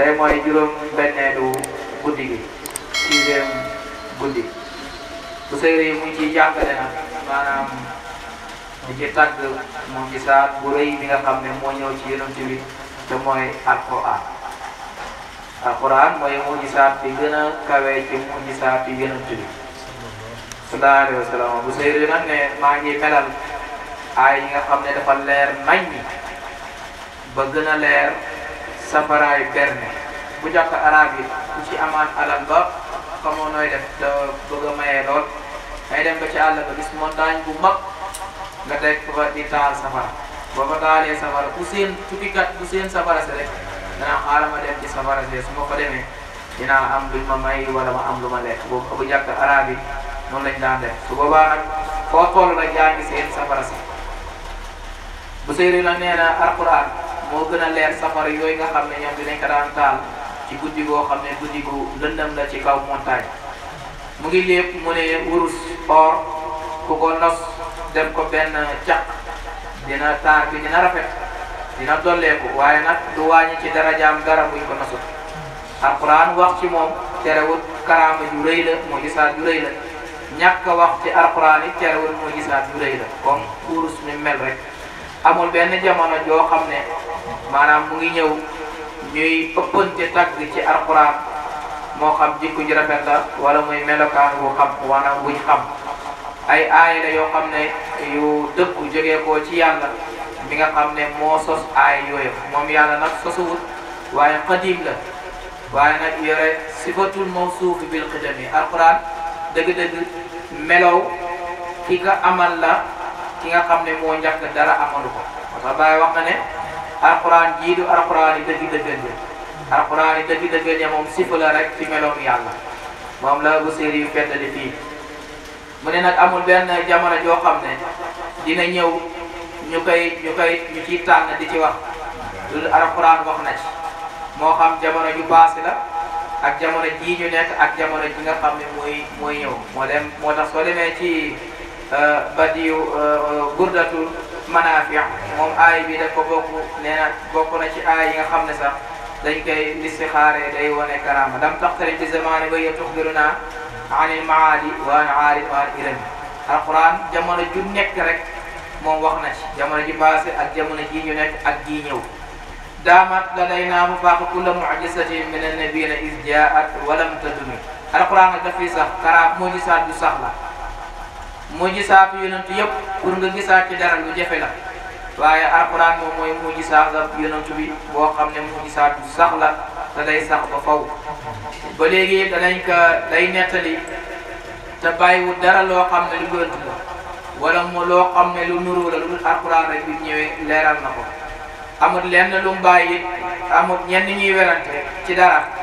tey mooy juróom benneelu guddi gi sixième guddi bu sëyre yi mu ngi ciy jàngale nag maanaam ñu ci tàgg mu ngi saar bu rëy bi nga xam ne moo ñëw ci yonent bi te mooy alquran alquran mooy mu ngi saar bi gën a kawee ci mu ngi saar bi yonent bi sallallahu alayhi wa sallam bu sëyre nag ne maa ngi melal aay yi nga xam ne dafa leer nañ ba gën a leer safaraayu berne bu jàpp arab yi ku ci amaan alal ba xamoo nooy def te bëgg a lool ngay dem ba ci àll ba gis bu mag nga teg fa di taal safara boo fa taalee safara ku seen tukkikat ku seen safara si rek ma dem ci safara si su ma ko demee dinaa am luñ ma may wala ma am lu ma lekk boobu bu jàpp arab yi noonu lañ daan def su boobaa nag foo xool rek yaa ngi bu séeréer la nee na alquran moo gën a leer safara yooyu nga xam ne ñoom dinañ ko daan taal ci guddi goo xam ne guddi gu lëndëm la ci kaw montagne mu ngi lépp mu ne wurus or ku ko nos def ko benn caq dina taar bi dina rafet dina dolleeku waaye nag du wàññi ci darajaam dara buñ ko nosut alquran wax ci moom terewut karaama ju rëy la moo gisaat ju rëy la ñàkk wax ci alquran yi terewut moo gisaat ju rëy la wurus ni mel rek amul benn jamono joo xam ne maanaam mu ngi ñëw ñuy ëppante tagg ci alquran moo xam jikko ji la wala muy melokaan bu xam maanaam buñ xam ay aay la yoo xam ne yu dëkku jógee koo ci yàlla mi nga xam ne moo sos aay yooyu moom yàlla nag sosuwut waaye xadim la waaye nag yore sifatul mawsuuf bil yi alquran dëgg-dëgg melow ki nga amal la ki nga xam ne moo njàkk dara amalu ko parce que Baye wax na ne alquran jii du alquran yi dëgg dëggal ya ya moom sifa la rek ci meloom yàlla moom la bu séer yu feddali mu ne nag amul benn jamono joo xam ne dina ñëw ñu koy ñu koy ñu ciy tànn di ci wax loolu alquran wax na ci moo xam jamono ju baasi la ak jamono jii ñu nekk ak jamono ji nga xam ne mooy mooy ñëw moo tax soo demee ci Euh, badiyu euh, burdatul manafi' moom aay bi daf ko bokk nee na bokk na ci aay yi nga xam ne sax dañ koy listixaare day wone karama lam taxtari bi zamani ba ya tuxbiruna an il maadi wa an aari wa an irami alquran jamono ju nekk rek moom wax na ci jamono ji passé ak jamono ji ñu nekk ak ji ñëw daamat la day naa mu baax kulla mujisatin min annabiyina is jaat walam tadumi alquran nag dafay sax karaam moo ñu saat du sax la mujjisaatu yonent yëpp pour nga gisaat ci dara lu jafe la waaye alxuraan moom mooy mujjisaat la yonent bi boo xam ne mujjisaat bu sax la te day sax ba faw ba léegi danañ ko day nettali te bàyyiwul dara loo xam ne lu gënt la wala mu loo xam ne lu nuru la lu dul rek bi ñëwee leeral na ko amul lenn lu mu bàyyi amul ñenn ñuy werante ci dara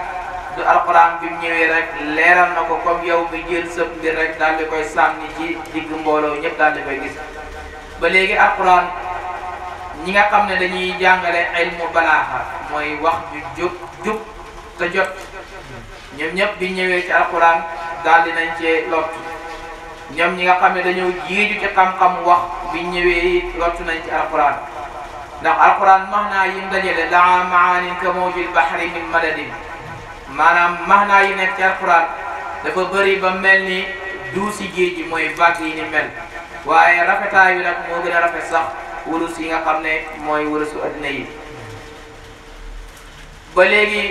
du alxuraan bi mu ñëwee rek leeral na ko comme yow bi jël sëb bi rek daal koy sànni ci digg mbooloo ñëpp daal di koy gis ba léegi alxuraan ñi nga xam ne dañuy jàngale ilmu balaaxa mooy wax ju jub jub te jot ñoom bi ñëwee ci alxuraan daal di nañ cee lottu ñoom ñi nga xam ne dañoo jiiju ci xam-xam wax bi ñëwee lottu nañ ci alxuraan ndax alxuraan max naa yim dajale laa maanin ka mawjil bahri min maanaam maanaa yi nekk ci alquran dafa bëri ba mel ni duusi géej gi mooy vagues yi ni mel waaye rafetaay nag moo gën a rafet sax wurus yi nga xam ne mooy wurusu àddina yi ba léegi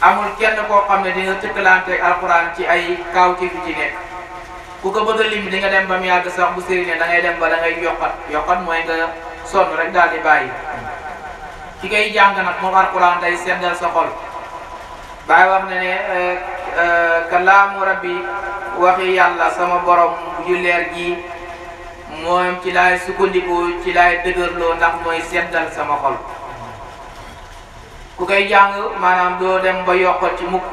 amul kenn koo xam ne di nga tëkkalanteeg alquran ci ay kawti fi ci nekk ku ko a lim di nga dem ba mu yàgg sax bu sëriñ ne dem ba da ngay yokkat yokkat mooy nga sonn rek daal di bàyyi ki ngay jàng nag moom alquran day sendal sa xol Baay wax na ne eh, eh, kalaamu rabbi waxi yàlla sama borom yu leer ji moom ci laay sukkandiku ci laay dëgërloo ndax mooy seddal sama xol ku koy jàng maanaam doo dem ba yokkal ci mukk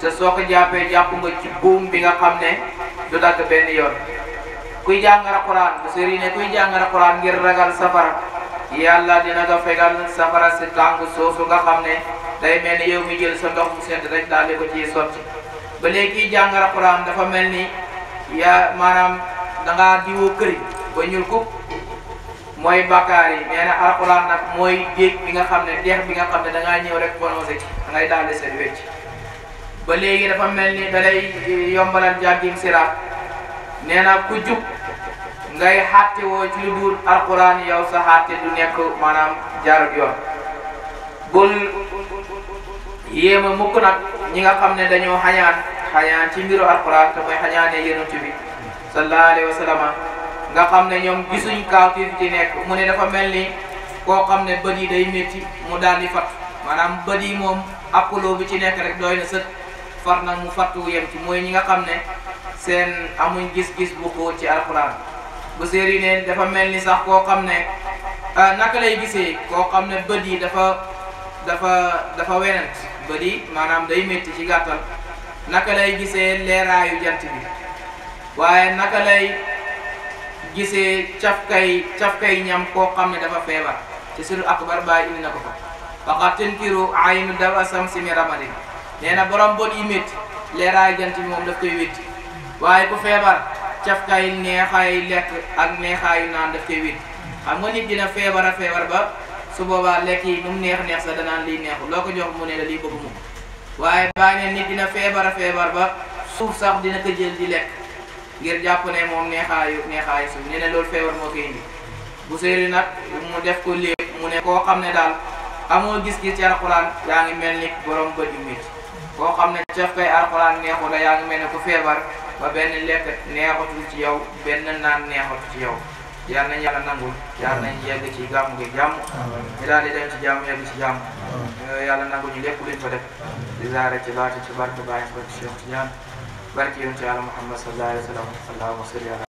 te soo ko jàppee jàpp nga ci buum bi nga xam ne du dagg benn yoon kuy jàng alxuraan bu sëriñ ne kuy jàng alxuraan ngir ragal safara ya Allah dina ko fegal safara si tàng soosu nga xam ne day mel ni yow mi jël sa ndox mu sedd rek daal di ko ciy sotti ba léegi jàng alxuraan dafa mel ni yaa maanaam da ngaa diwoo këri ba ñuul ko mooy bàkkaar yi nee na alxuraan nag mooy géej bi nga xam ne deex bi nga xam ne da ngaa ñëw rek prononcé ci da ngay daal di seen wecc ba léegi dafa mel ni da lay yombalal jàggim siraat nee na ku jub ngay xàtte woo ci lu dul alquran yow sa xàtte du nekk maanaam jaarut yoon bul yéema mukk nag ñi nga xam ne dañoo xañaan xañaan ci mbiru alquran te mooy xañaane yonent bi sallallahu alayhi wa nga xam ne ñoom gisuñ kaawtiif ci nekk mu ne dafa mel ni koo xam ne bët yi day métti mu daal di fat maanaam bët yi moom appaloo bi ci nekk rek doy na sët far nag mu fattu yem ci mooy ñi nga xam ne seen amuñ gis-gis bu xóot ci alquran bu séer yi dafa mel ni sax koo xam ne ah, naka lay gisee koo xam ne bët yi dafa dafa dafa wenant bët yi maanaam day métti ci gàttal naka lay gise leeraayu jant bi waaye naka lay gisee cafkay cafkay ñam koo xam ne dafa feebar ci sunu akbar bàyyi indi na ko fa faqat tunkiru aynu dawa samsi mi ramadin nee na borom bët yi métti leeraayu jant moom daf koy wétti waaye ku feebar cafkaay neexaayu lekk ak neexaayu naan daf koy wit xam nga nit dina feebar a feebar ba su boobaa lekk yi nu mu neex neex sax danaan liy neexu loo ko jox mu ne la lii bëgg mu waaye bàyyi ne dina feebar a ba suuf sax dina ko jël di jàpp ne moom neexaayu neexaayu suuf nee na loolu feebar moo koy indi bu séeri nag mu def ko léegi mu ne ko xam ne daal amoo gis-gis ci alxuraan yaa ngi mel ni borom bët yu métti koo xam ne cafkaay alxuraan neexu la yaa ngi mel ne ko feebar ba benn lekk neexatul ci yow benn naan neexatul ci yow yal nañ yàlla nangul yal nañ yegg ci gàmm gi jàmm ñu daal di dem ci jàmm yegg ci jàmm yàlla nangul ñu lépp luñ fa def di zaare ci laata ci barke bàyyi ko ci Cheikh Tidiane barke yoon ci yàlla Muhammad sallallahu alayhi wa sallam allahumma salli ala